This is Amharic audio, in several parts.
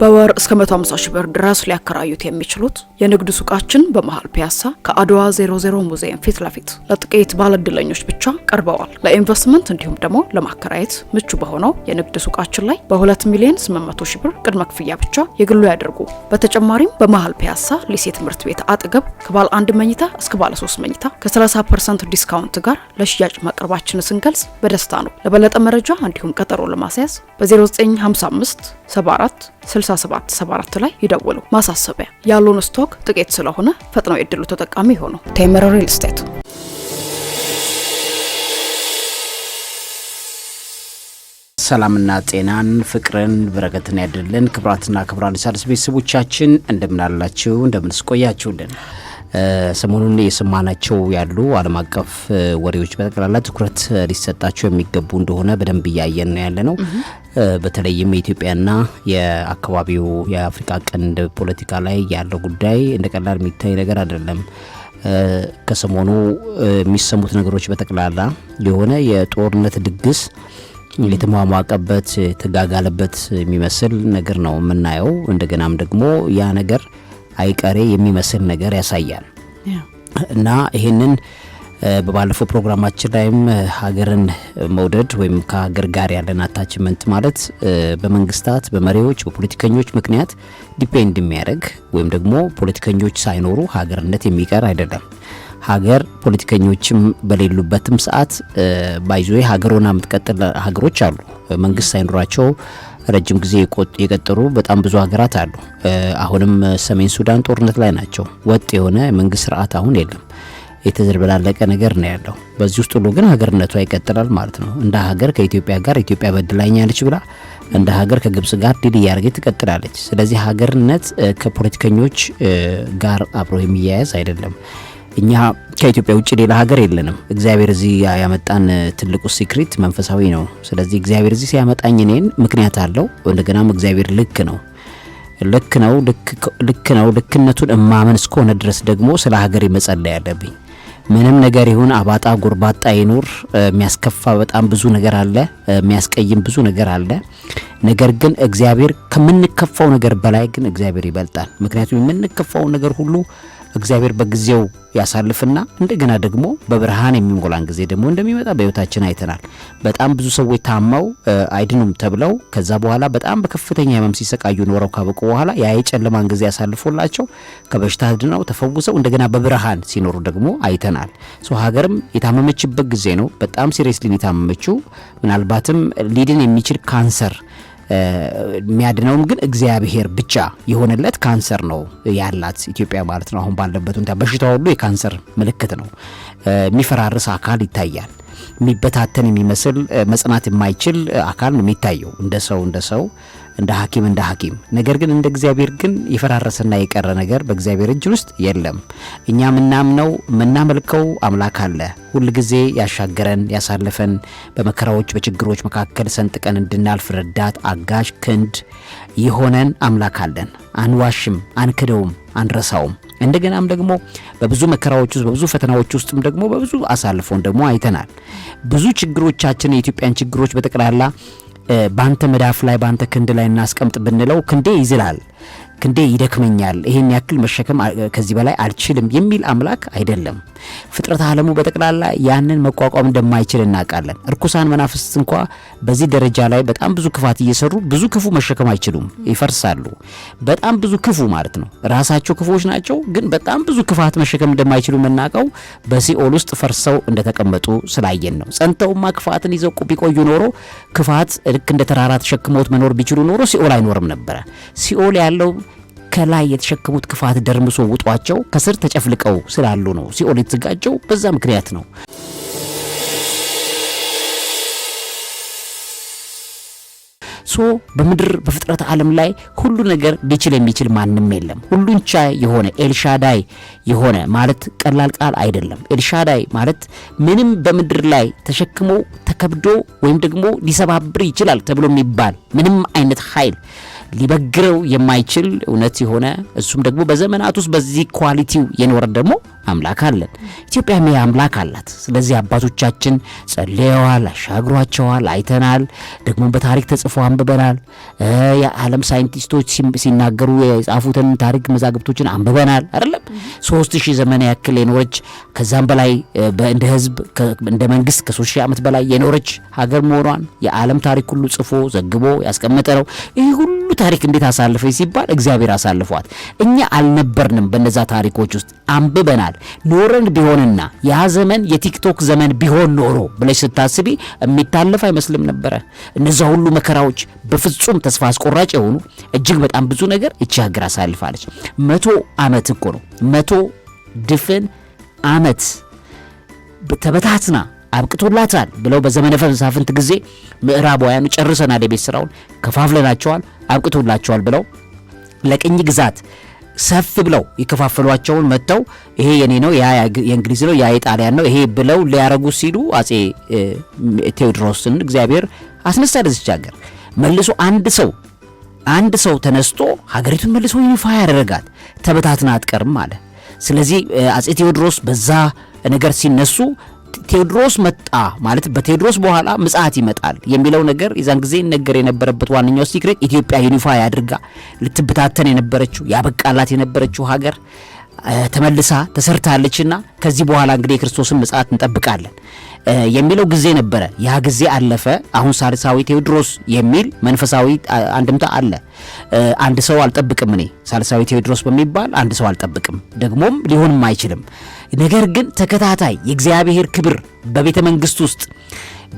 በወር እስከ 150 ሺህ ብር ድረስ ሊያከራዩት የሚችሉት የንግድ ሱቃችን በመሃል ፒያሳ ከአድዋ 00 ሙዚየም ፊት ለፊት ለጥቂት ባለድለኞች ብቻ ቀርበዋል። ለኢንቨስትመንት እንዲሁም ደግሞ ለማከራየት ምቹ በሆነው የንግድ ሱቃችን ላይ በ2 ሚሊዮን 800 ሺህ ብር ቅድመ ክፍያ ብቻ የግሉ ያደርጉ። በተጨማሪም በመሃል ፒያሳ ሊሴ ትምህርት ቤት አጠገብ ከባለ አንድ መኝታ እስከ ባለ 3 መኝታ ከ30 ፐርሰንት ዲስካውንት ጋር ለሽያጭ ማቅረባችን ስንገልጽ በደስታ ነው። ለበለጠ መረጃ እንዲሁም ቀጠሮ ለማስያዝ በ0955 74 6774 ላይ ይደውሉ። ማሳሰቢያ፣ ያሉን ስቶክ ጥቂት ስለሆነ ፈጥነው የድሉ ተጠቃሚ ይሆኑ። ቴምር ሪል ስቴት ሰላምና ጤናን ፍቅርን በረከትን ያድልን። ክብራትና ክብራን ሣድስ ቤተሰቦቻችን እንደምናላችሁ እንደምንስቆያችሁልን ሰሞኑን የሰማናቸው ያሉ ዓለም አቀፍ ወሬዎች በጠቅላላ ትኩረት ሊሰጣቸው የሚገቡ እንደሆነ በደንብ እያየን ነው ያለ ነው። በተለይም የኢትዮጵያና የአካባቢው የአፍሪካ ቀንድ ፖለቲካ ላይ ያለው ጉዳይ እንደ ቀላል የሚታይ ነገር አይደለም። ከሰሞኑ የሚሰሙት ነገሮች በጠቅላላ የሆነ የጦርነት ድግስ የተሟሟቀበት የተጋጋለበት የሚመስል ነገር ነው የምናየው። እንደገናም ደግሞ ያ ነገር አይቀሬ የሚመስል ነገር ያሳያል። እና ይሄንን በባለፈው ፕሮግራማችን ላይም ሀገርን መውደድ ወይም ከሀገር ጋር ያለን አታችመንት ማለት በመንግስታት፣ በመሪዎች፣ በፖለቲከኞች ምክንያት ዲፔንድ የሚያደርግ ወይም ደግሞ ፖለቲከኞች ሳይኖሩ ሀገርነት የሚቀር አይደለም። ሀገር ፖለቲከኞችም በሌሉበትም ሰዓት ባይዞ ሀገር ሆና የምትቀጥል ሀገሮች አሉ መንግስት ሳይኖራቸው ረጅም ጊዜ የቀጠሩ በጣም ብዙ ሀገራት አሉ። አሁንም ሰሜን ሱዳን ጦርነት ላይ ናቸው። ወጥ የሆነ መንግስት ስርዓት አሁን የለም። የተዘበላለቀ ነገር ነው ያለው። በዚህ ውስጥ ሁሉ ግን ሀገርነቷ ይቀጥላል ማለት ነው። እንደ ሀገር ከኢትዮጵያ ጋር ኢትዮጵያ በድላኛለች ብላ እንደ ሀገር ከግብጽ ጋር ድል እያደረገች ትቀጥላለች። ስለዚህ ሀገርነት ከፖለቲከኞች ጋር አብሮ የሚያያዝ አይደለም። እኛ ከኢትዮጵያ ውጭ ሌላ ሀገር የለንም። እግዚአብሔር እዚህ ያመጣን ትልቁ ሲክሪት መንፈሳዊ ነው። ስለዚህ እግዚአብሔር እዚህ ሲያመጣኝ እኔን ምክንያት አለው። እንደገናም እግዚአብሔር ልክ ነው ልክ ነው ልክ ነው። ልክነቱን እማመን እስከሆነ ድረስ ደግሞ ስለ ሀገር መጸለይ ያለብኝ። ምንም ነገር ይሁን አባጣ ጎርባጣ ይኑር፣ የሚያስከፋ በጣም ብዙ ነገር አለ፣ የሚያስቀይም ብዙ ነገር አለ። ነገር ግን እግዚአብሔር ከምንከፋው ነገር በላይ ግን እግዚአብሔር ይበልጣል። ምክንያቱም የምንከፋው ነገር ሁሉ እግዚአብሔር በጊዜው ያሳልፍና እንደገና ደግሞ በብርሃን የሚሞላን ጊዜ ደግሞ እንደሚመጣ በህይወታችን አይተናል። በጣም ብዙ ሰዎች ታመው አይድኑም ተብለው ከዛ በኋላ በጣም በከፍተኛ ህመም ሲሰቃዩ ኖረው ካበቁ በኋላ ያ የጨለማን ጊዜ ያሳልፎላቸው ከበሽታ ድነው ተፈውሰው እንደገና በብርሃን ሲኖሩ ደግሞ አይተናል። ሶ ሀገርም የታመመችበት ጊዜ ነው። በጣም ሲሪየስሊ የታመመችው ምናልባትም ሊድን የሚችል ካንሰር የሚያድነውም ግን እግዚአብሔር ብቻ የሆነለት ካንሰር ነው ያላት ኢትዮጵያ ማለት ነው። አሁን ባለበት ሁኔታ በሽታ ሁሉ የካንሰር ምልክት ነው። የሚፈራርስ አካል ይታያል። የሚበታተን የሚመስል መጽናት የማይችል አካል ነው የሚታየው እንደ ሰው እንደ ሰው እንደ ሐኪም እንደ ሐኪም ነገር ግን እንደ እግዚአብሔር ግን የፈራረሰና የቀረ ነገር በእግዚአብሔር እጅ ውስጥ የለም። እኛ ምናምነው ምናመልከው አምላክ አለ። ሁል ጊዜ ያሻገረን ያሳለፈን፣ በመከራዎች በችግሮች መካከል ሰንጥቀን እንድናልፍ ረዳት፣ አጋዥ፣ ክንድ የሆነን አምላክ አለን። አንዋሽም፣ አንክደውም፣ አንረሳውም። እንደገናም ደግሞ በብዙ መከራዎች ውስጥ በብዙ ፈተናዎች ውስጥም ደግሞ በብዙ አሳልፎን ደግሞ አይተናል። ብዙ ችግሮቻችን የኢትዮጵያን ችግሮች በጠቅላላ ባንተ መዳፍ ላይ ባንተ ክንድ ላይ እናስቀምጥ ብንለው ክንዴ ይዝላል ክንዴ ይደክመኛል፣ ይሄን ያክል መሸከም ከዚህ በላይ አልችልም የሚል አምላክ አይደለም። ፍጥረት ዓለሙ በጠቅላላ ያንን መቋቋም እንደማይችል እናውቃለን። እርኩሳን መናፍስት እንኳ በዚህ ደረጃ ላይ በጣም ብዙ ክፋት እየሰሩ ብዙ ክፉ መሸከም አይችሉም፣ ይፈርሳሉ። በጣም ብዙ ክፉ ማለት ነው። ራሳቸው ክፉዎች ናቸው፣ ግን በጣም ብዙ ክፋት መሸከም እንደማይችሉ የምናውቀው በሲኦል ውስጥ ፈርሰው እንደተቀመጡ ስላየን ነው። ጸንተውማ ክፋትን ይዘው ቢቆዩ ኖሮ ክፋት ልክ እንደ ተራራ ተሸክሞት መኖር ቢችሉ ኖሮ ሲኦል አይኖርም ነበረ። ሲኦል ያለው ከላይ የተሸከሙት ክፋት ደርምሶ ውጧቸው ከስር ተጨፍልቀው ስላሉ ነው። ሲኦል የተዘጋጀው በዛ ምክንያት ነው። ሶ በምድር በፍጥረት ዓለም ላይ ሁሉ ነገር ሊችል የሚችል ማንም የለም። ሁሉን ቻይ የሆነ ኤልሻዳይ የሆነ ማለት ቀላል ቃል አይደለም። ኤልሻዳይ ማለት ምንም በምድር ላይ ተሸክሞ ተከብዶ ወይም ደግሞ ሊሰባብር ይችላል ተብሎ የሚባል ምንም አይነት ኃይል ሊበግረው የማይችል እውነት የሆነ እሱም ደግሞ በዘመናት ውስጥ በዚህ ኳሊቲው የኖረ ደግሞ አምላክ አለን። ኢትዮጵያ ይህ አምላክ አላት። ስለዚህ አባቶቻችን ጸልየዋል፣ አሻግሯቸዋል፣ አይተናል። ደግሞ በታሪክ ተጽፎ አንብበናል። የዓለም ሳይንቲስቶች ሲናገሩ የጻፉትን ታሪክ መዛግብቶችን አንብበናል። አይደለም ሶስት ሺህ ዘመን ያክል የኖረች ከዛም በላይ እንደ ህዝብ እንደ መንግስት ከሶስት ሺህ ዓመት በላይ የኖረች ሀገር መሆኗን የዓለም ታሪክ ሁሉ ጽፎ ዘግቦ ያስቀመጠ ነው ይህ ሁሉ ታሪክ እንዴት አሳልፈች ሲባል እግዚአብሔር አሳልፏት። እኛ አልነበርንም በነዛ ታሪኮች ውስጥ አንብበናል። ኖረን ቢሆንና ያ ዘመን የቲክቶክ ዘመን ቢሆን ኖሮ ብለሽ ስታስቢ የሚታለፍ አይመስልም ነበረ። እነዛ ሁሉ መከራዎች በፍጹም ተስፋ አስቆራጭ የሆኑ እጅግ በጣም ብዙ ነገር እቺ ሀገር አሳልፋለች። መቶ አመት እኮ ነው መቶ ድፍን አመት ተበታትና አብቅቶላታል ብለው በዘመነ መሳፍንት ጊዜ ምዕራባውያኑ ጨርሰናል፣ የቤት ስራውን ከፋፍለናቸዋል፣ አብቅቶላቸዋል ብለው ለቅኝ ግዛት ሰፍ ብለው የከፋፈሏቸውን መጥተው ይሄ የኔ ነው፣ ያ የእንግሊዝ ነው፣ ያ የጣሊያን ነው፣ ይሄ ብለው ሊያረጉ ሲሉ አጼ ቴዎድሮስን እግዚአብሔር አስነሳ ለዚች ሀገር። መልሶ አንድ ሰው አንድ ሰው ተነስቶ ሀገሪቱን መልሶ ይፋ ያደረጋት ተበታትና አትቀርም አለ። ስለዚህ አጼ ቴዎድሮስ በዛ ነገር ሲነሱ ቴዎድሮስ መጣ ማለት በቴዎድሮስ በኋላ ምጽአት ይመጣል የሚለው ነገር የዛን ጊዜ ነገር የነበረበት ዋነኛው ሲክሬት ኢትዮጵያ ዩኒፋይ አድርጋ ልትበታተን የነበረችው ያበቃላት የነበረችው ሀገር ተመልሳ ተሰርታለችና ከዚህ በኋላ እንግዲህ የክርስቶስን ምጽአት እንጠብቃለን የሚለው ጊዜ ነበረ። ያ ጊዜ አለፈ። አሁን ሳልሳዊ ቴዎድሮስ የሚል መንፈሳዊ አንድምታ አለ። አንድ ሰው አልጠብቅም እኔ ሳልሳዊ ቴዎድሮስ በሚባል አንድ ሰው አልጠብቅም፣ ደግሞም ሊሆንም አይችልም። ነገር ግን ተከታታይ የእግዚአብሔር ክብር በቤተ መንግስት ውስጥ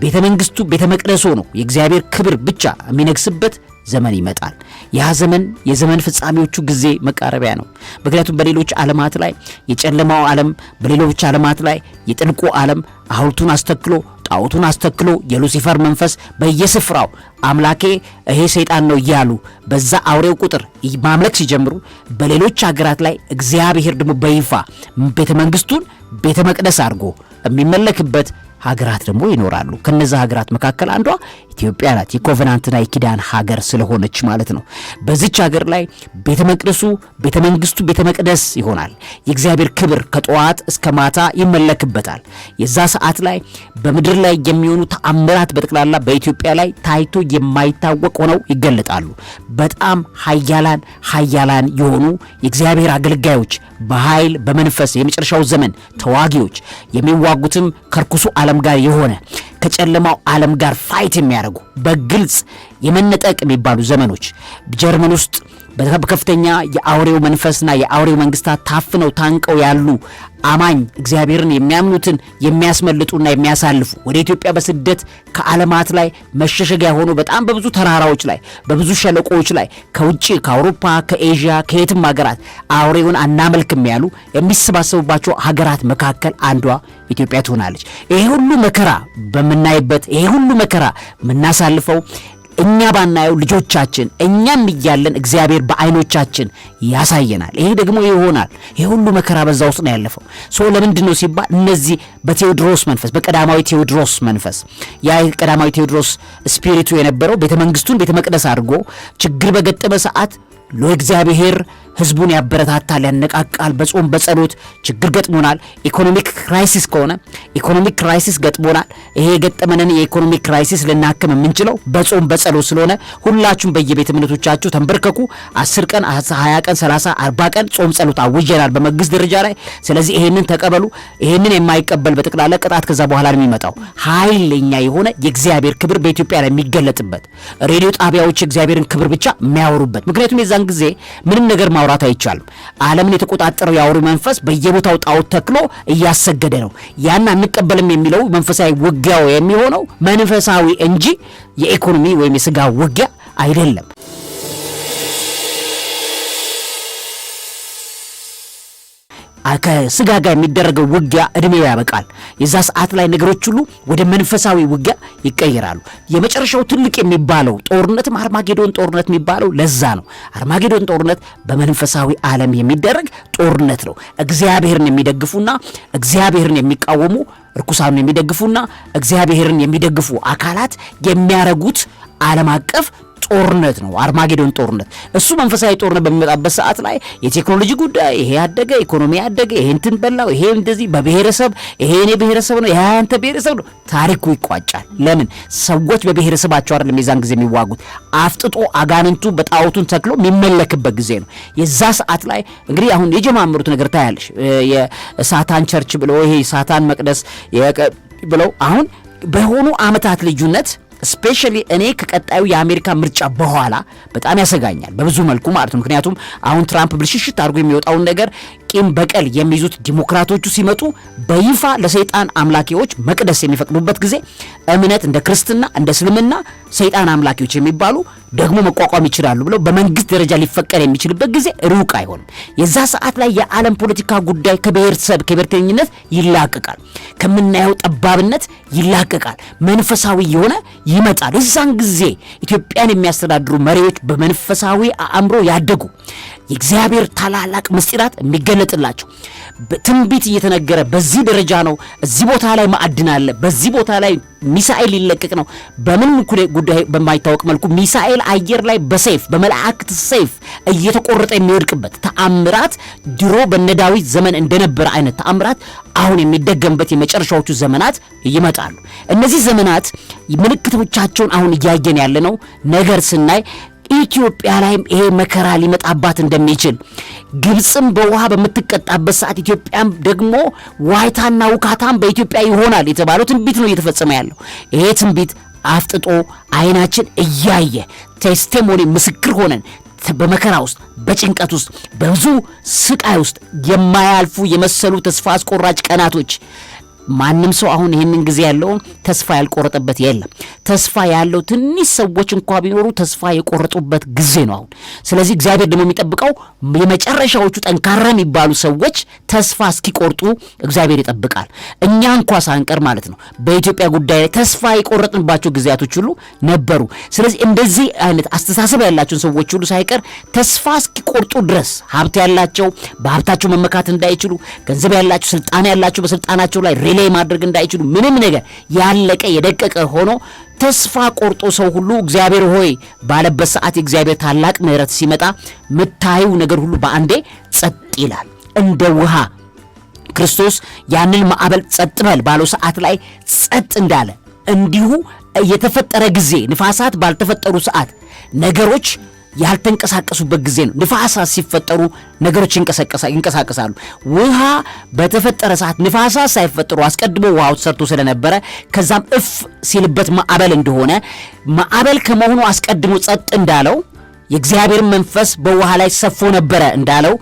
ቤተ መንግስቱ ቤተ መቅደስ ሆኖ የእግዚአብሔር ክብር ብቻ የሚነግስበት ዘመን ይመጣል። ያ ዘመን የዘመን ፍጻሜዎቹ ጊዜ መቃረቢያ ነው። ምክንያቱም በሌሎች ዓለማት ላይ የጨለማው ዓለም በሌሎች ዓለማት ላይ የጥልቁ ዓለም ሐውልቱን አስተክሎ ጣዖቱን አስተክሎ የሉሲፈር መንፈስ በየስፍራው አምላኬ ይሄ ሰይጣን ነው እያሉ በዛ አውሬው ቁጥር ማምለክ ሲጀምሩ በሌሎች ሀገራት ላይ እግዚአብሔር ደግሞ በይፋ ቤተ መንግስቱን ቤተ መቅደስ አድርጎ የሚመለክበት ሀገራት ደግሞ ይኖራሉ። ከነዛ ሀገራት መካከል አንዷ ኢትዮጵያ ናት። የኮቨናንትና የኪዳን ሀገር ስለሆነች ማለት ነው። በዚች ሀገር ላይ ቤተ መቅደሱ ቤተ መንግስቱ ቤተ መቅደስ ይሆናል። የእግዚአብሔር ክብር ከጠዋት እስከ ማታ ይመለክበታል። የዛ ሰዓት ላይ በምድር ላይ የሚሆኑ ተአምራት በጠቅላላ በኢትዮጵያ ላይ ታይቶ የማይታወቅ ሆነው ይገለጣሉ። በጣም ሀያላን ሀያላን የሆኑ የእግዚአብሔር አገልጋዮች በኃይል በመንፈስ የመጨረሻው ዘመን ተዋጊዎች የሚዋጉትም ከርኩሱ ዓለም ጋር የሆነ ከጨለማው ዓለም ጋር ፋይት የሚያደርጉ በግልጽ የመነጠቅ የሚባሉ ዘመኖች ጀርመን ውስጥ በከፍተኛ የአውሬው መንፈስና የአውሬው መንግስታት ታፍነው ታንቀው ያሉ አማኝ እግዚአብሔርን የሚያምኑትን የሚያስመልጡና የሚያሳልፉ ወደ ኢትዮጵያ በስደት ከዓለማት ላይ መሸሸጊያ ሆኖ በጣም በብዙ ተራራዎች ላይ በብዙ ሸለቆዎች ላይ ከውጭ ከአውሮፓ፣ ከኤዥያ፣ ከየትም ሀገራት አውሬውን አናመልክም ያሉ የሚሰባሰቡባቸው ሀገራት መካከል አንዷ ኢትዮጵያ ትሆናለች። ይሄ ሁሉ መከራ በምናይበት ይሄ ሁሉ መከራ የምናሳልፈው እኛ ባናየው ልጆቻችን እኛም እያለን እግዚአብሔር በአይኖቻችን ያሳየናል። ይሄ ደግሞ ይሆናል። ይሄ ሁሉ መከራ በዛ ውስጥ ነው ያለፈው። ሰው ለምንድን ነው ሲባል እነዚህ በቴዎድሮስ መንፈስ፣ በቀዳማዊ ቴዎድሮስ መንፈስ ያ ቀዳማዊ ቴዎድሮስ ስፒሪቱ የነበረው ቤተ መንግስቱን ቤተ መቅደስ አድርጎ ችግር በገጠመ ሰዓት ለእግዚአብሔር ህዝቡን ያበረታታል፣ ያነቃቃል። በጾም በጸሎት ችግር ገጥሞናል። ኢኮኖሚክ ክራይሲስ ከሆነ ኢኮኖሚክ ክራይሲስ ገጥሞናል። ይሄ የገጠመንን የኢኮኖሚክ ክራይሲስ ልናክም የምንችለው በጾም በጸሎት ስለሆነ ሁላችሁም በየቤተ እምነቶቻችሁ ተንበርከኩ። አስር ቀን፣ ሀያ ቀን፣ 30፣ አርባ ቀን ጾም ጸሎት አውጀናል በመንግስት ደረጃ ላይ። ስለዚህ ይሄንን ተቀበሉ። ይሄንን የማይቀበል በጠቅላላ ቅጣት ከዛ በኋላ ነው የሚመጣው። ኃይለኛ የሆነ የእግዚአብሔር ክብር በኢትዮጵያ ላይ የሚገለጥበት ሬዲዮ ጣቢያዎች የእግዚአብሔርን ክብር ብቻ የሚያወሩበት ምክንያቱም የዛ በዛን ጊዜ ምንም ነገር ማውራት አይቻልም። ዓለምን የተቆጣጠረው የአውሪ መንፈስ በየቦታው ጣዖት ተክሎ እያሰገደ ነው። ያን አንቀበልም የሚለው መንፈሳዊ ውጊያው የሚሆነው መንፈሳዊ እንጂ የኢኮኖሚ ወይም የስጋ ውጊያ አይደለም። ከስጋ ጋር የሚደረገው ውጊያ እድሜ ያበቃል። የዛ ሰዓት ላይ ነገሮች ሁሉ ወደ መንፈሳዊ ውጊያ ይቀየራሉ። የመጨረሻው ትልቅ የሚባለው ጦርነትም አርማጌዶን ጦርነት የሚባለው ለዛ ነው። አርማጌዶን ጦርነት በመንፈሳዊ ዓለም የሚደረግ ጦርነት ነው። እግዚአብሔርን የሚደግፉና እግዚአብሔርን የሚቃወሙ ርኩሳኑን የሚደግፉና እግዚአብሔርን የሚደግፉ አካላት የሚያረጉት ዓለም አቀፍ ጦርነት ነው፣ አርማጌዶን ጦርነት። እሱ መንፈሳዊ ጦርነት በሚመጣበት ሰዓት ላይ የቴክኖሎጂ ጉዳይ ይሄ ያደገ ኢኮኖሚ ያደገ ይሄ እንትን በላው ይሄ እንደዚህ በብሔረሰብ ይሄ እኔ ብሔረሰብ ነው አንተ ብሔረሰብ ነው ታሪኩ ይቋጫል። ለምን ሰዎች በብሔረሰባቸው አይደለም የዛን ጊዜ የሚዋጉት፣ አፍጥጦ አጋንንቱ በጣዖቱን ተክሎ የሚመለክበት ጊዜ ነው። የዛ ሰዓት ላይ እንግዲህ አሁን የጀማምሩት ነገር ታያለሽ። የሳታን ቸርች ብለው ይሄ ሳታን መቅደስ ብለው አሁን በሆኑ አመታት ልዩነት ስፔሻሊ እኔ ከቀጣዩ የአሜሪካ ምርጫ በኋላ በጣም ያሰጋኛል በብዙ መልኩ ማለት ነው። ምክንያቱም አሁን ትራምፕ ብልሽሽት አድርጎ የሚወጣውን ነገር ቂም በቀል የሚይዙት ዲሞክራቶቹ ሲመጡ በይፋ ለሰይጣን አምላኪዎች መቅደስ የሚፈቅዱበት ጊዜ እምነት እንደ ክርስትና እንደ እስልምና ሰይጣን አምላኪዎች የሚባሉ ደግሞ መቋቋም ይችላሉ ብለው በመንግስት ደረጃ ሊፈቀድ የሚችልበት ጊዜ ሩቅ አይሆንም። የዛ ሰዓት ላይ የዓለም ፖለቲካ ጉዳይ ከብሔረሰብ ከብሔርተኝነት ይላቀቃል፣ ከምናየው ጠባብነት ይላቀቃል፣ መንፈሳዊ የሆነ ይመጣል። እዛን ጊዜ ኢትዮጵያን የሚያስተዳድሩ መሪዎች በመንፈሳዊ አእምሮ ያደጉ የእግዚአብሔር ታላላቅ ምስጢራት የሚገለጥላቸው ትንቢት እየተነገረ በዚህ ደረጃ ነው፣ እዚህ ቦታ ላይ ማዕድን አለ፣ በዚህ ቦታ ላይ ሚሳኤል ሊለቀቅ ነው። በምን ጉዳይ በማይታወቅ መልኩ ሚሳኤል አየር ላይ በሰይፍ በመላእክት ሰይፍ እየተቆረጠ የሚወድቅበት ተአምራት ድሮ በነዳዊት ዘመን እንደነበረ አይነት ተአምራት አሁን የሚደገምበት የመጨረሻዎቹ ዘመናት ይመጣሉ። እነዚህ ዘመናት ምልክቶቻቸውን አሁን እያየን ያለ ነው ነገር ስናይ ኢትዮጵያ ላይም ይሄ መከራ ሊመጣባት እንደሚችል ግብፅም በውሃ በምትቀጣበት ሰዓት ኢትዮጵያም ደግሞ ዋይታና ውካታም በኢትዮጵያ ይሆናል የተባለው ትንቢት ነው እየተፈጸመ ያለው። ይሄ ትንቢት አፍጥጦ አይናችን እያየ ቴስቲሞኒ ምስክር ሆነን በመከራ ውስጥ በጭንቀት ውስጥ በብዙ ስቃይ ውስጥ የማያልፉ የመሰሉ ተስፋ አስቆራጭ ቀናቶች ማንም ሰው አሁን ይህንን ጊዜ ያለውን ተስፋ ያልቆረጠበት የለም። ተስፋ ያለው ትንሽ ሰዎች እንኳ ቢኖሩ ተስፋ የቆረጡበት ጊዜ ነው አሁን። ስለዚህ እግዚአብሔር ደግሞ የሚጠብቀው የመጨረሻዎቹ ጠንካራ የሚባሉ ሰዎች ተስፋ እስኪቆርጡ እግዚአብሔር ይጠብቃል። እኛ እንኳ ሳንቀር ማለት ነው በኢትዮጵያ ጉዳይ ላይ ተስፋ የቆረጥንባቸው ጊዜያቶች ሁሉ ነበሩ። ስለዚህ እንደዚህ አይነት አስተሳሰብ ያላቸውን ሰዎች ሁሉ ሳይቀር ተስፋ እስኪቆርጡ ድረስ ሀብት ያላቸው በሀብታቸው መመካት እንዳይችሉ፣ ገንዘብ ያላቸው ስልጣን ያላቸው በስልጣናቸው ላይ ሪሌይ ማድረግ እንዳይችሉ ምንም ነገር ያለቀ የደቀቀ ሆኖ ተስፋ ቆርጦ ሰው ሁሉ እግዚአብሔር ሆይ ባለበት ሰዓት የእግዚአብሔር ታላቅ ምሕረት ሲመጣ ምታዩ ነገር ሁሉ በአንዴ ጸጥ ይላል እንደ ውሃ ክርስቶስ ያንን ማዕበል ጸጥ በል ባለው ሰዓት ላይ ጸጥ እንዳለ እንዲሁ የተፈጠረ ጊዜ ንፋሳት ባልተፈጠሩ ሰዓት ነገሮች ያልተንቀሳቀሱበት ጊዜ ነው። ንፋሳት ሲፈጠሩ ነገሮች ይንቀሳቀሳሉ። ውሃ በተፈጠረ ሰዓት ንፋሳት ሳይፈጠሩ አስቀድሞ ውሃው ተሰርቶ ስለነበረ ከዛም እፍ ሲልበት ማዕበል እንደሆነ ማዕበል ከመሆኑ አስቀድሞ ጸጥ እንዳለው የእግዚአብሔር መንፈስ በውሃ ላይ ሰፎ ነበረ እንዳለው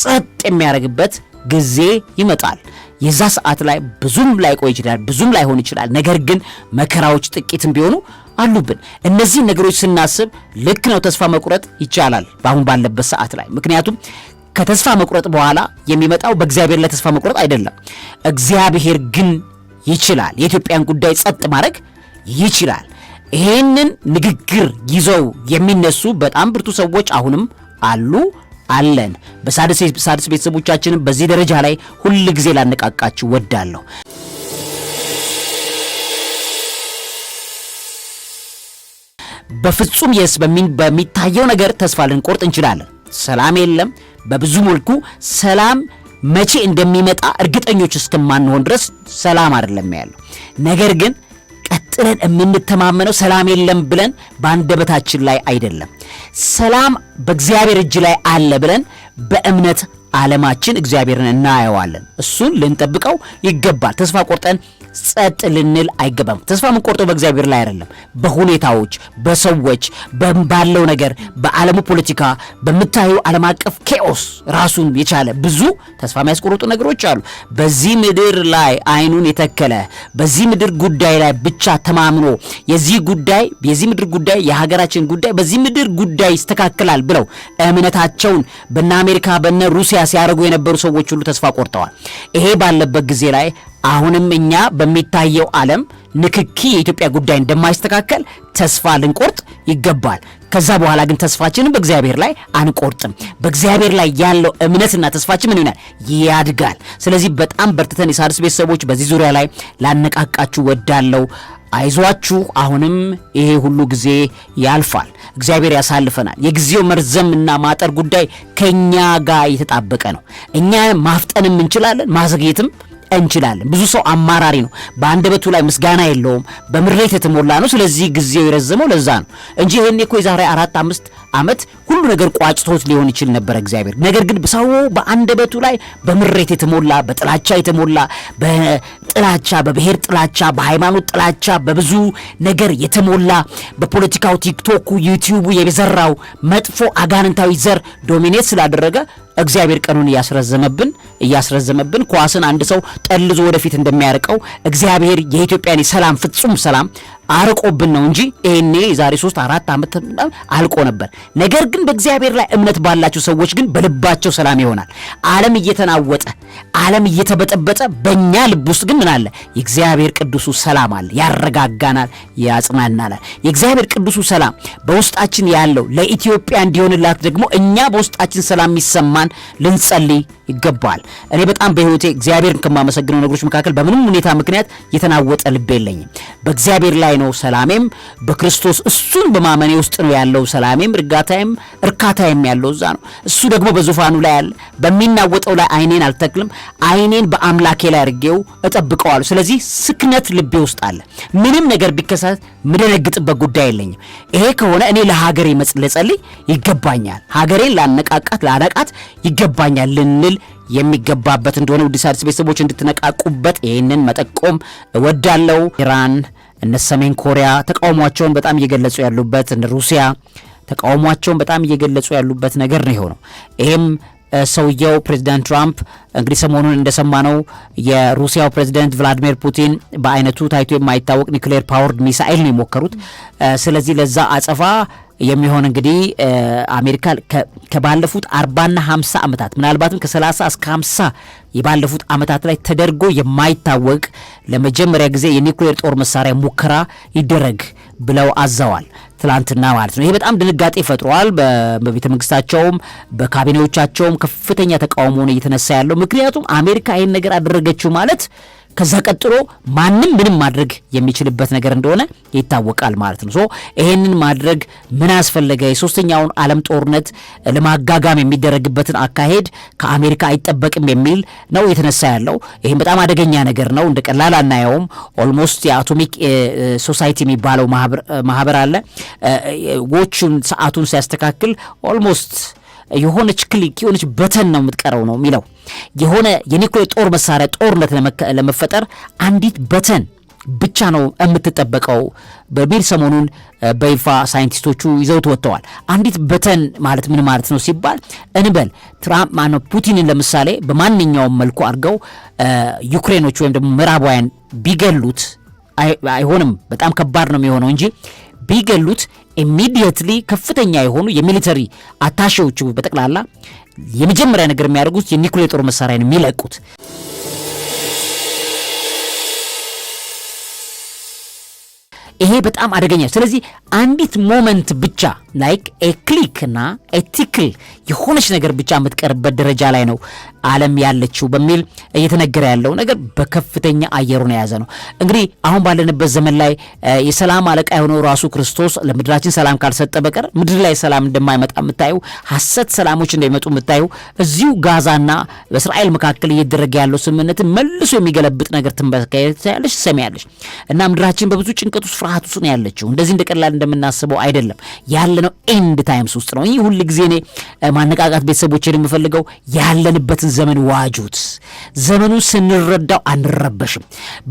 ጸጥ የሚያደርግበት ጊዜ ይመጣል። የዛ ሰዓት ላይ ብዙም ላይቆይ ይችላል፣ ብዙም ላይሆን ይችላል። ነገር ግን መከራዎች ጥቂትም ቢሆኑ አሉብን። እነዚህ ነገሮች ስናስብ ልክ ነው ተስፋ መቁረጥ ይቻላል በአሁን ባለበት ሰዓት ላይ ምክንያቱም ከተስፋ መቁረጥ በኋላ የሚመጣው በእግዚአብሔር ላይ ተስፋ መቁረጥ አይደለም። እግዚአብሔር ግን ይችላል። የኢትዮጵያን ጉዳይ ጸጥ ማድረግ ይችላል። ይህንን ንግግር ይዘው የሚነሱ በጣም ብርቱ ሰዎች አሁንም አሉ አለን። በሳድስ ቤተሰቦቻችንም በዚህ ደረጃ ላይ ሁል ጊዜ ላነቃቃችሁ ወዳለሁ። በፍጹም የስ በሚታየው ነገር ተስፋ ልንቆርጥ እንችላለን። ሰላም የለም። በብዙ መልኩ ሰላም መቼ እንደሚመጣ እርግጠኞች እስከማንሆን ድረስ ሰላም አይደለም ያለው። ነገር ግን ቀጥለን የምንተማመነው ሰላም የለም ብለን በአንደበታችን ላይ አይደለም፣ ሰላም በእግዚአብሔር እጅ ላይ አለ ብለን በእምነት ዓለማችን እግዚአብሔርን እናየዋለን። እሱን ልንጠብቀው ይገባል። ተስፋ ቆርጠን ጸጥ ልንል አይገባም። ተስፋ የምንቆርጠው በእግዚአብሔር ላይ አይደለም፣ በሁኔታዎች፣ በሰዎች፣ ባለው ነገር፣ በዓለሙ ፖለቲካ፣ በምታየው ዓለም አቀፍ ኬኦስ ራሱን የቻለ ብዙ ተስፋ የሚያስቆርጡ ነገሮች አሉ። በዚህ ምድር ላይ አይኑን የተከለ በዚህ ምድር ጉዳይ ላይ ብቻ ተማምኖ የዚህ ጉዳይ የዚህ ምድር ጉዳይ የሀገራችን ጉዳይ በዚህ ምድር ጉዳይ ይስተካከላል ብለው እምነታቸውን በነ አሜሪካ በነ ሩሲያ ሲያደርጉ የነበሩ ሰዎች ሁሉ ተስፋ ቆርጠዋል። ይሄ ባለበት ጊዜ ላይ አሁንም እኛ በሚታየው ዓለም ንክኪ የኢትዮጵያ ጉዳይ እንደማይስተካከል ተስፋ ልንቆርጥ ይገባል። ከዛ በኋላ ግን ተስፋችንን በእግዚአብሔር ላይ አንቆርጥም። በእግዚአብሔር ላይ ያለው እምነትና ተስፋችን ምን ይሆናል? ያድጋል። ስለዚህ በጣም በርትተን የሣድስ ቤተሰቦች በዚህ ዙሪያ ላይ ላነቃቃችሁ ወዳለው አይዟችሁ፣ አሁንም ይሄ ሁሉ ጊዜ ያልፋል። እግዚአብሔር ያሳልፈናል። የጊዜው መርዘም እና ማጠር ጉዳይ ከእኛ ጋር የተጣበቀ ነው። እኛ ማፍጠንም እንችላለን፣ ማዘግየትም እንችላለን። ብዙ ሰው አማራሪ ነው። በአንደበቱ ላይ ምስጋና የለውም፣ በምሬት የተሞላ ነው። ስለዚህ ጊዜው የረዘመው ለዛ ነው እንጂ ይህን እኮ የዛሬ አራት አምስት ዓመት ሁሉ ነገር ቋጭቶት ሊሆን ይችል ነበር እግዚአብሔር። ነገር ግን ሰው በአንደበቱ ላይ በምሬት የተሞላ በጥላቻ የተሞላ ጥላቻ፣ በብሔር ጥላቻ፣ በሃይማኖት ጥላቻ፣ በብዙ ነገር የተሞላ በፖለቲካው ቲክቶኩ፣ ዩቲዩቡ የዘራው መጥፎ አጋንንታዊ ዘር ዶሚኔት ስላደረገ እግዚአብሔር ቀኑን እያስረዘመብን እያስረዘመብን ኳስን አንድ ሰው ጠልዞ ወደፊት እንደሚያርቀው እግዚአብሔር የኢትዮጵያን የሰላም ፍጹም ሰላም አርቆብን ነው እንጂ ይሄኔ የዛሬ ሶስት አራት ዓመት አልቆ ነበር። ነገር ግን በእግዚአብሔር ላይ እምነት ባላቸው ሰዎች ግን በልባቸው ሰላም ይሆናል። ዓለም እየተናወጠ ዓለም እየተበጠበጠ፣ በእኛ ልብ ውስጥ ግን ምን አለ? የእግዚአብሔር ቅዱሱ ሰላም አለ። ያረጋጋናል፣ ያጽናናናል። የእግዚአብሔር ቅዱሱ ሰላም በውስጣችን ያለው ለኢትዮጵያ እንዲሆንላት ደግሞ እኛ በውስጣችን ሰላም የሚሰማን ልንጸልይ ይገባዋል። እኔ በጣም በህይወቴ እግዚአብሔርን ከማመሰግነው ነገሮች መካከል በምንም ሁኔታ ምክንያት የተናወጠ ልብ የለኝም። በእግዚአብሔር ላይ ነው ሰላሜም፣ በክርስቶስ እሱን በማመኔ ውስጥ ነው ያለው ሰላሜም፣ እርጋታዬም እርካታዬም ያለው እዛ ነው። እሱ ደግሞ በዙፋኑ ላይ አለ። በሚናወጠው ላይ አይኔን አልተክልም። አይኔን በአምላኬ ላይ አድርጌው እጠብቀዋለሁ። ስለዚህ ስክነት ልቤ ውስጥ አለ። ምንም ነገር ቢከሰት ምደነግጥበት ጉዳይ የለኝም። ይሄ ከሆነ እኔ ለሀገሬ መጽለጸልኝ ይገባኛል። ሀገሬን ላነቃቃት ላነቃት ይገባኛል ልንል የሚገባበት እንደሆነ ውድ ሣድስ ቤተሰቦች እንድትነቃቁበት ይህንን መጠቆም እወዳለው። ኢራን እነ ሰሜን ኮሪያ ተቃውሟቸውን በጣም እየገለጹ ያሉበት እነ ሩሲያ ተቃውሟቸውን በጣም እየገለጹ ያሉበት ነገር ነው የሆነው። ይህም ሰውየው ፕሬዚዳንት ትራምፕ እንግዲህ ሰሞኑን እንደሰማ ነው የሩሲያው ፕሬዚደንት ቭላዲሚር ፑቲን በአይነቱ ታይቶ የማይታወቅ ኒክሌር ፓወርድ ሚሳኤል ነው የሞከሩት። ስለዚህ ለዛ አጸፋ የሚሆን እንግዲህ አሜሪካ ከባለፉት አርባና ሀምሳ ዓመታት ምናልባትም ከሰላሳ እስከ ሀምሳ የባለፉት ዓመታት ላይ ተደርጎ የማይታወቅ ለመጀመሪያ ጊዜ የኒክሌር ጦር መሳሪያ ሙከራ ይደረግ ብለው አዘዋል። ትላንትና ማለት ነው። ይሄ በጣም ድንጋጤ ፈጥሯል። በቤተ መንግስታቸውም በካቢኔዎቻቸውም ከፍተኛ ተቃውሞ ነው እየተነሳ ያለው። ምክንያቱም አሜሪካ ይህን ነገር አደረገችው ማለት ከዛ ቀጥሎ ማንም ምንም ማድረግ የሚችልበት ነገር እንደሆነ ይታወቃል ማለት ነው። ሶ ይሄንን ማድረግ ምን አስፈለገ? የሶስተኛውን ዓለም ጦርነት ለማጋጋም የሚደረግበትን አካሄድ ከአሜሪካ አይጠበቅም የሚል ነው የተነሳ ያለው። ይህም በጣም አደገኛ ነገር ነው። እንደ ቀላል አናየውም። ኦልሞስት የአቶሚክ ሶሳይቲ የሚባለው ማህበር አለ። ዎቹን ሰዓቱን ሲያስተካክል ኦልሞስት የሆነች ክሊክ የሆነች በተን ነው የምትቀረው ነው የሚለው የሆነ የኒኩሌር ጦር መሳሪያ ጦርነት ለመፈጠር አንዲት በተን ብቻ ነው የምትጠበቀው በሚል ሰሞኑን በይፋ ሳይንቲስቶቹ ይዘውት ወጥተዋል። አንዲት በተን ማለት ምን ማለት ነው ሲባል እንበል ትራምፕ ማነው ፑቲንን ለምሳሌ በማንኛውም መልኩ አድርገው ዩክሬኖች ወይም ደግሞ ምዕራባውያን ቢገሉት አይሆንም፣ በጣም ከባድ ነው የሚሆነው እንጂ ቢገሉት ኢሚዲየትሊ ከፍተኛ የሆኑ የሚሊተሪ አታሼዎቹ በጠቅላላ የመጀመሪያ ነገር የሚያደርጉት የኒኩሌር ጦር መሳሪያ ነው የሚለቁት። ይሄ በጣም አደገኛ። ስለዚህ አንዲት ሞመንት ብቻ ላይክ ኤ ክሊክ እና ኤ ቲክል የሆነች ነገር ብቻ የምትቀርበት ደረጃ ላይ ነው ዓለም ያለችው በሚል እየተነገረ ያለው ነገር በከፍተኛ አየሩን የያዘ ነው። እንግዲህ አሁን ባለንበት ዘመን ላይ የሰላም አለቃ የሆነው ራሱ ክርስቶስ ለምድራችን ሰላም ካልሰጠ በቀር ምድር ላይ ሰላም እንደማይመጣ የምታየው ሐሰት ሰላሞች እንደሚመጡ የምታየው እዚሁ ጋዛና በእስራኤል መካከል እየደረገ ያለው ስምምነትን መልሶ የሚገለብጥ ነገር ትንበካያለች፣ ትሰሚያለች እና ምድራችን በብዙ ጭንቀት ውስጥ ፍርሃት ውስጥ ነው ያለችው። እንደዚህ እንደቀላል እንደምናስበው አይደለም ያለነው ኤንድ ታይምስ ውስጥ ነው። ይህ ሁልጊዜ እኔ ማነቃቃት ቤተሰቦችን የምፈልገው ያለንበትን ዘመን ዋጁት። ዘመኑ ስንረዳው አንረበሽም።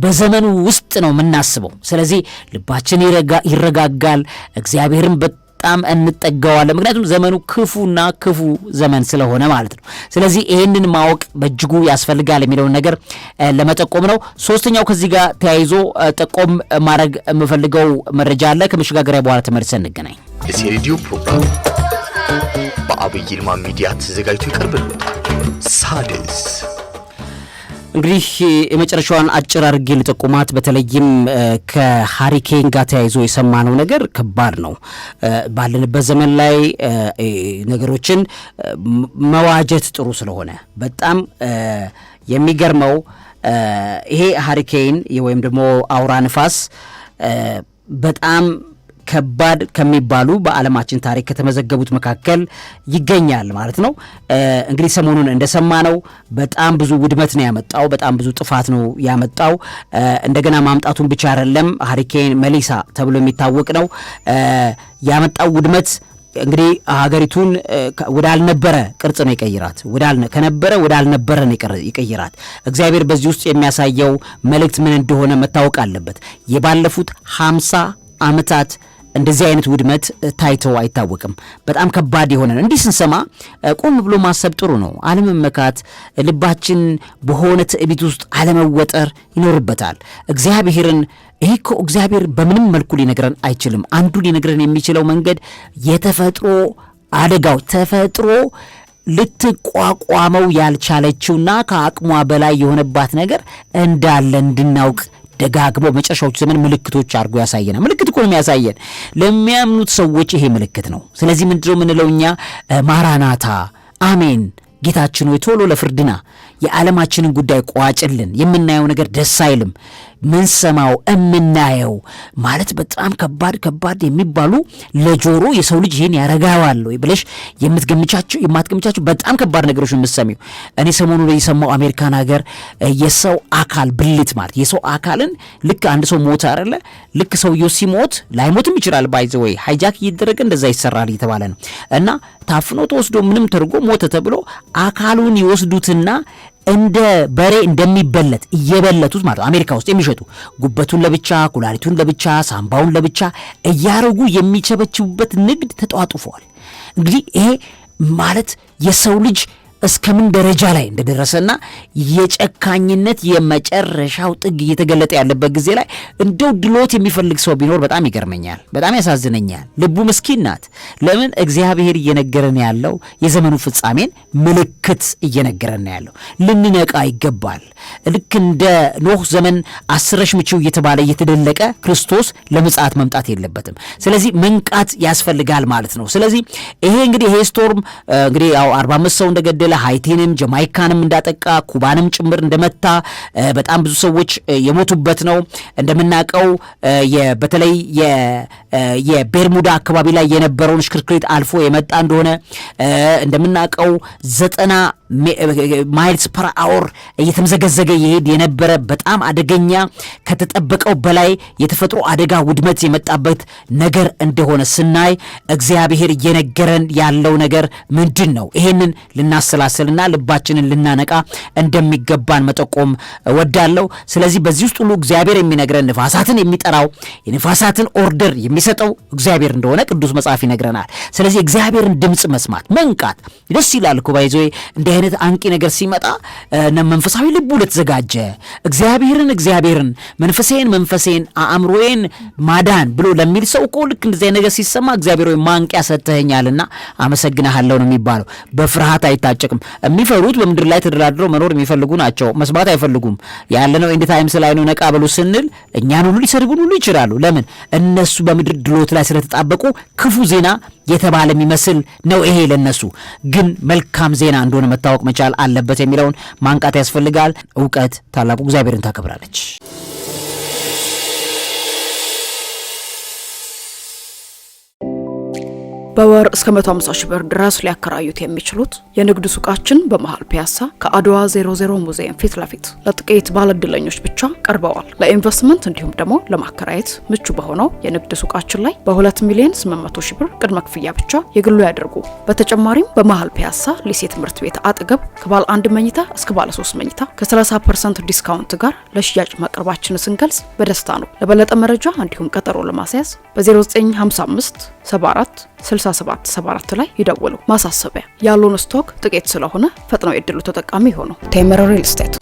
በዘመኑ ውስጥ ነው የምናስበው። ስለዚህ ልባችን ይረጋጋል። እግዚአብሔርን በጣም እንጠጋዋለን። ምክንያቱም ዘመኑ ክፉና ክፉ ዘመን ስለሆነ ማለት ነው። ስለዚህ ይህንን ማወቅ በእጅጉ ያስፈልጋል የሚለውን ነገር ለመጠቆም ነው። ሶስተኛው ከዚህ ጋር ተያይዞ ጠቆም ማድረግ የምፈልገው መረጃ አለ። ከመሸጋገሪያ በኋላ ተመልሰን እንገናኝ። የሬዲዮ ፕሮግራም በአብይ ይልማ ሚዲያ ተዘጋጅቶ ይቀርብልታል። ሣድስ እንግዲህ የመጨረሻዋን አጭር አድርጌ ልጠቁማት። በተለይም ከሀሪኬን ጋር ተያይዞ የሰማነው ነገር ከባድ ነው። ባለንበት ዘመን ላይ ነገሮችን መዋጀት ጥሩ ስለሆነ በጣም የሚገርመው ይሄ ሀሪኬን ወይም ደግሞ አውራ ንፋስ በጣም ከባድ ከሚባሉ በዓለማችን ታሪክ ከተመዘገቡት መካከል ይገኛል ማለት ነው። እንግዲህ ሰሞኑን እንደሰማ ነው በጣም ብዙ ውድመት ነው ያመጣው፣ በጣም ብዙ ጥፋት ነው ያመጣው። እንደገና ማምጣቱን ብቻ አይደለም፣ ሀሪኬን መሊሳ ተብሎ የሚታወቅ ነው ያመጣው ውድመት እንግዲህ ሀገሪቱን ወዳልነበረ ቅርጽ ነው የቀይራት። ከነበረ ወዳልነበረ ነው ይቀይራት እግዚአብሔር በዚህ ውስጥ የሚያሳየው መልእክት ምን እንደሆነ መታወቅ አለበት። የባለፉት ሀምሳ ዓመታት እንደዚህ አይነት ውድመት ታይቶ አይታወቅም። በጣም ከባድ የሆነ ነው። እንዲህ ስንሰማ ቁም ብሎ ማሰብ ጥሩ ነው። አለመመካት፣ ልባችን በሆነ ትዕቢት ውስጥ አለመወጠር ይኖርበታል። እግዚአብሔርን ይህ እኮ እግዚአብሔር በምንም መልኩ ሊነግረን አይችልም። አንዱ ሊነግረን የሚችለው መንገድ የተፈጥሮ አደጋው ተፈጥሮ ልትቋቋመው ያልቻለችውና ከአቅሟ በላይ የሆነባት ነገር እንዳለ እንድናውቅ ደጋግሞ መጨረሻዎቹ ዘመን ምልክቶች አድርጎ ያሳየናል። ምልክት እኮ ነው የሚያሳየን ለሚያምኑት ሰዎች ይሄ ምልክት ነው። ስለዚህ ምንድነው የምንለው እኛ ማራናታ፣ አሜን ጌታችን ሆይ ቶሎ ለፍርድና የዓለማችንን ጉዳይ ቋጭልን። የምናየው ነገር ደስ አይልም። ምንሰማው እምናየው ማለት በጣም ከባድ ከባድ የሚባሉ ለጆሮ የሰው ልጅ ይህን ያረጋዋል ወይ ብለሽ የምትገምቻቸው የማትገምቻቸው በጣም ከባድ ነገሮች የምትሰሚው። እኔ ሰሞኑ ላይ የሰማው አሜሪካን ሀገር የሰው አካል ብልት ማለት የሰው አካልን ልክ አንድ ሰው ሞት አለ ልክ ሰውየው ሲሞት ላይሞትም ይችላል ባይዘ ወይ ሃይጃክ እየደረገ እንደዛ ይሰራል እየተባለ ነው እና ታፍኖ ተወስዶ ምንም ተደርጎ ሞተ ተብሎ አካሉን ይወስዱትና እንደ በሬ እንደሚበለት እየበለቱት ማለት አሜሪካ ውስጥ የሚሸጡ ጉበቱን ለብቻ፣ ኩላሊቱን ለብቻ፣ ሳምባውን ለብቻ እያረጉ የሚቸበችቡበት ንግድ ተጧጡፈዋል። እንግዲህ ይሄ ማለት የሰው ልጅ እስከምን ደረጃ ላይ እንደደረሰና የጨካኝነት የመጨረሻው ጥግ እየተገለጠ ያለበት ጊዜ ላይ እንደው ድሎት የሚፈልግ ሰው ቢኖር በጣም ይገርመኛል፣ በጣም ያሳዝነኛል። ልቡ ምስኪን ናት። ለምን እግዚአብሔር እየነገረን ያለው የዘመኑ ፍጻሜን ምልክት እየነገረን ያለው ልንነቃ ይገባል። ልክ እንደ ኖህ ዘመን አስረሽ ምችው እየተባለ እየተደለቀ ክርስቶስ ለምጽአት መምጣት የለበትም። ስለዚህ መንቃት ያስፈልጋል ማለት ነው። ስለዚህ ይሄ እንግዲህ ይሄ ስቶርም እንግዲህ ያው 45 ሰው እንደገደለ እንደገደለ ሀይቲንም ጀማይካንም እንዳጠቃ ኩባንም ጭምር እንደመታ በጣም ብዙ ሰዎች የሞቱበት ነው። እንደምናውቀው በተለይ የቤርሙዳ አካባቢ ላይ የነበረውን ሽክርክሪት አልፎ የመጣ እንደሆነ እንደምናውቀው ዘጠና ማይልስ ፐር አወር እየተምዘገዘገ ይሄድ የነበረ በጣም አደገኛ ከተጠበቀው በላይ የተፈጥሮ አደጋ ውድመት የመጣበት ነገር እንደሆነ ስናይ እግዚአብሔር እየነገረን ያለው ነገር ምንድን ነው? ይሄንን ልናሰላስልና ልባችንን ልናነቃ እንደሚገባን መጠቆም ወዳለው። ስለዚህ በዚህ ውስጥ ሁሉ እግዚአብሔር የሚነግረን ንፋሳትን የሚጠራው የንፋሳትን ኦርደር የሚሰጠው እግዚአብሔር እንደሆነ ቅዱስ መጽሐፍ ይነግረናል። ስለዚህ እግዚአብሔርን ድምፅ መስማት መንቃት ደስ ይላል ኩባይዞ እንደ አይነት አንቂ ነገር ሲመጣ መንፈሳዊ ልቡ ለተዘጋጀ እግዚአብሔርን እግዚአብሔርን መንፈሴን መንፈሴን አእምሮዬን ማዳን ብሎ ለሚል ሰው እኮ ልክ እንደዚህ ነገር ሲሰማ እግዚአብሔር ማንቂያ ሰጥተኸኛልና አመሰግናሃለሁ ነው የሚባለው። በፍርሃት አይታጨቅም። የሚፈሩት በምድር ላይ ተደራድረው መኖር የሚፈልጉ ናቸው። መስማት አይፈልጉም። ያለነው ኤንድ ታይምስ ላይ ነው። ነቃ በሉ ስንል እኛን ሁሉ ሊሰድቡን ሁሉ ይችላሉ። ለምን እነሱ በምድር ድሎት ላይ ስለተጣበቁ ክፉ ዜና የተባለ የሚመስል ነው ይሄ ለነሱ ግን መልካም ዜና እንደሆነ መታ ማስታወቅ መቻል አለበት የሚለውን ማንቃት ያስፈልጋል። እውቀት ታላቁ እግዚአብሔርን ታከብራለች። በወር እስከ 150 ሺህ ብር ድረስ ሊያከራዩት የሚችሉት የንግድ ሱቃችን በመሃል ፒያሳ ከአድዋ 00 ሙዚየም ፊት ለፊት ለጥቂት ባለድለኞች ብቻ ቀርበዋል። ለኢንቨስትመንት እንዲሁም ደግሞ ለማከራየት ምቹ በሆነው የንግድ ሱቃችን ላይ በ2 ሚሊዮን 800 ሺህ ብር ቅድመ ክፍያ ብቻ የግሉ ያደርጉ። በተጨማሪም በመሃል ፒያሳ ሊሴ ትምህርት ቤት አጠገብ ከባለ አንድ መኝታ እስከ ባለ 3 መኝታ ከ30 ፐርሰንት ዲስካውንት ጋር ለሽያጭ ማቅረባችን ስንገልጽ በደስታ ነው። ለበለጠ መረጃ እንዲሁም ቀጠሮ ለማስያዝ በ0955 74 6774 ላይ ይደውሉ። ማሳሰቢያ፣ ያሉን ስቶክ ጥቂት ስለሆነ ፈጥነው የድሉ ተጠቃሚ ይሆኑ። ቴምር ሪል ስቴት